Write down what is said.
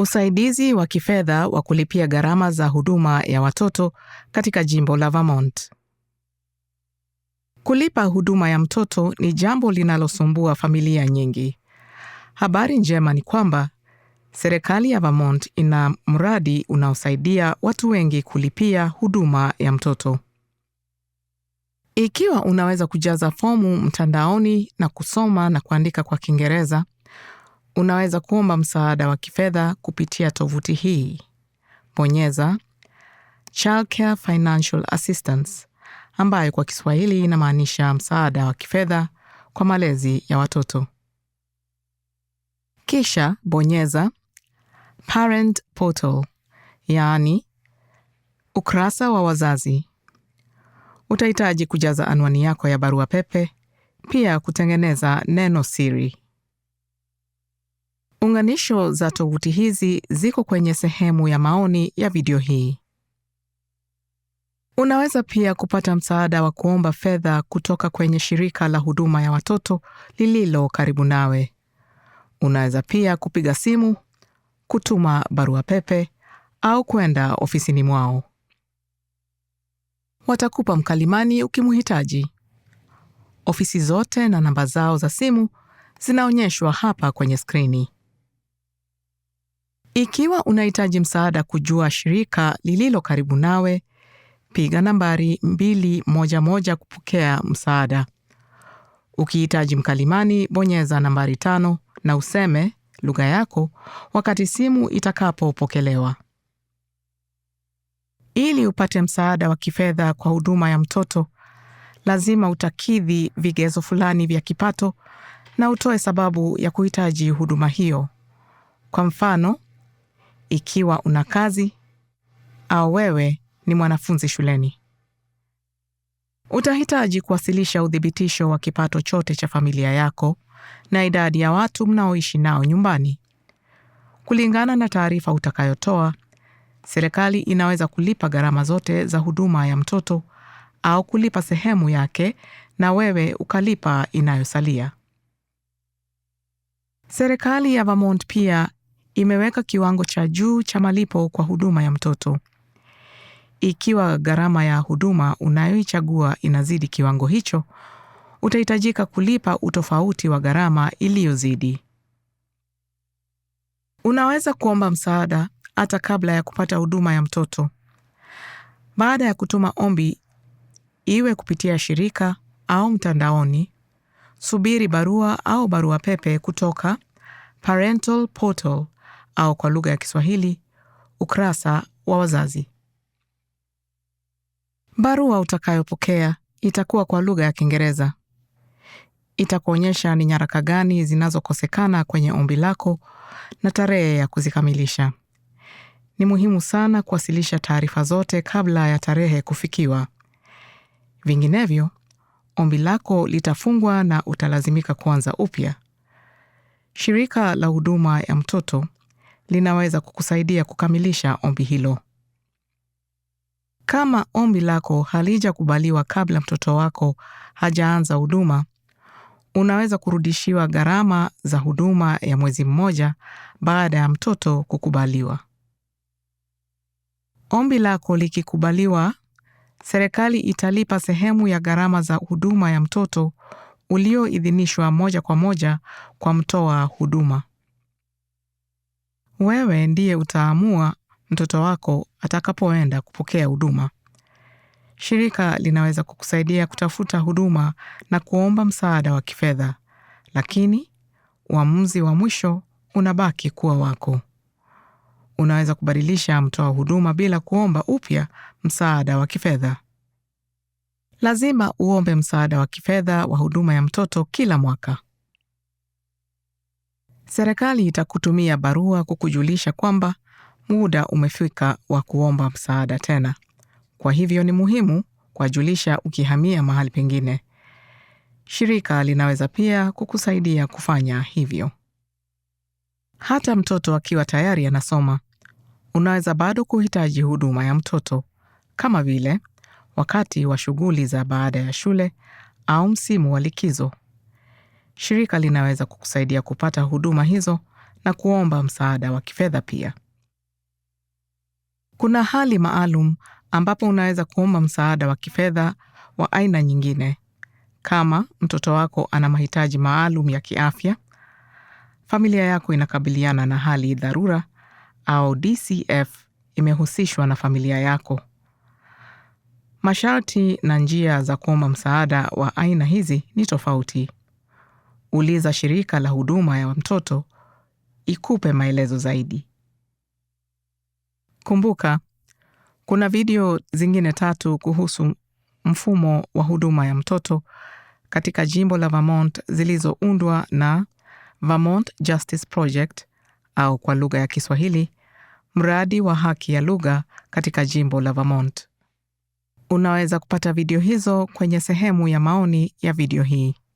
Usaidizi wa kifedha wa kulipia gharama za huduma ya watoto katika jimbo la Vermont. Kulipa huduma ya mtoto ni jambo linalosumbua familia nyingi. Habari njema ni kwamba serikali ya Vermont ina mradi unaosaidia watu wengi kulipia huduma ya mtoto. Ikiwa unaweza kujaza fomu mtandaoni na kusoma na kuandika kwa Kiingereza, Unaweza kuomba msaada wa kifedha kupitia tovuti hii. Bonyeza Childcare Financial Assistance ambayo kwa Kiswahili inamaanisha msaada wa kifedha kwa malezi ya watoto. Kisha bonyeza Parent Portal, yaani ukurasa wa wazazi. Utahitaji kujaza anwani yako ya barua pepe, pia kutengeneza neno siri. Ziunganisho za tovuti hizi ziko kwenye sehemu ya maoni ya video hii. Unaweza pia kupata msaada wa kuomba fedha kutoka kwenye shirika la huduma ya watoto lililo karibu nawe. Unaweza pia kupiga simu, kutuma barua pepe au kwenda ofisini mwao. Watakupa mkalimani ukimhitaji. Ofisi zote na namba zao za simu zinaonyeshwa hapa kwenye skrini. Ikiwa unahitaji msaada kujua shirika lililo karibu nawe, piga nambari 211 kupokea msaada. Ukihitaji mkalimani, bonyeza nambari tano na useme lugha yako wakati simu itakapopokelewa. Ili upate msaada wa kifedha kwa huduma ya mtoto, lazima utakidhi vigezo fulani vya kipato na utoe sababu ya kuhitaji huduma hiyo. Kwa mfano, ikiwa una kazi au wewe ni mwanafunzi shuleni. Utahitaji kuwasilisha uthibitisho wa kipato chote cha familia yako na idadi ya watu mnaoishi nao nyumbani. Kulingana na taarifa utakayotoa, serikali inaweza kulipa gharama zote za huduma ya mtoto au kulipa sehemu yake na wewe ukalipa inayosalia. Serikali ya Vermont pia imeweka kiwango cha juu cha malipo kwa huduma ya mtoto. Ikiwa gharama ya huduma unayoichagua inazidi kiwango hicho, utahitajika kulipa utofauti wa gharama iliyozidi. Unaweza kuomba msaada hata kabla ya kupata huduma ya mtoto. Baada ya kutuma ombi, iwe kupitia shirika au mtandaoni, subiri barua au barua pepe kutoka Parental Portal au kwa lugha ya Kiswahili, Ukurasa wa Wazazi. Barua utakayopokea itakuwa kwa lugha ya Kiingereza. Itakuonyesha ni nyaraka gani zinazokosekana kwenye ombi lako na tarehe ya kuzikamilisha. Ni muhimu sana kuwasilisha taarifa zote kabla ya tarehe kufikiwa. Vinginevyo, ombi lako litafungwa na utalazimika kuanza upya. Shirika la Huduma ya Mtoto linaweza kukusaidia kukamilisha ombi hilo. Kama ombi lako halijakubaliwa kabla mtoto wako hajaanza huduma, unaweza kurudishiwa gharama za huduma ya mwezi mmoja baada ya mtoto kukubaliwa. Ombi lako likikubaliwa, serikali italipa sehemu ya gharama za huduma ya mtoto ulioidhinishwa moja kwa moja kwa mtoa huduma. Wewe ndiye utaamua mtoto wako atakapoenda kupokea huduma. Shirika linaweza kukusaidia kutafuta huduma na kuomba msaada wa kifedha, lakini uamuzi wa mwisho unabaki kuwa wako. Unaweza kubadilisha mtoa huduma bila kuomba upya msaada wa kifedha. Lazima uombe msaada wa kifedha wa huduma ya mtoto kila mwaka serikali itakutumia barua kukujulisha kwamba muda umefika wa kuomba msaada tena. Kwa hivyo ni muhimu kuwajulisha ukihamia mahali pengine. Shirika linaweza pia kukusaidia kufanya hivyo. Hata mtoto akiwa tayari anasoma, unaweza bado kuhitaji huduma ya mtoto, kama vile wakati wa shughuli za baada ya shule au msimu wa likizo shirika linaweza kukusaidia kupata huduma hizo na kuomba msaada wa kifedha pia. Kuna hali maalum ambapo unaweza kuomba msaada wa kifedha wa aina nyingine, kama mtoto wako ana mahitaji maalum ya kiafya, familia yako inakabiliana na hali dharura, au DCF imehusishwa na familia yako. Masharti na njia za kuomba msaada wa aina hizi ni tofauti, uliza shirika la huduma ya mtoto ikupe maelezo zaidi. Kumbuka, kuna video zingine tatu kuhusu mfumo wa huduma ya mtoto katika jimbo la Vermont zilizoundwa na Vermont Justice Project au kwa lugha ya Kiswahili, mradi wa haki ya lugha katika jimbo la Vermont. Unaweza kupata video hizo kwenye sehemu ya maoni ya video hii.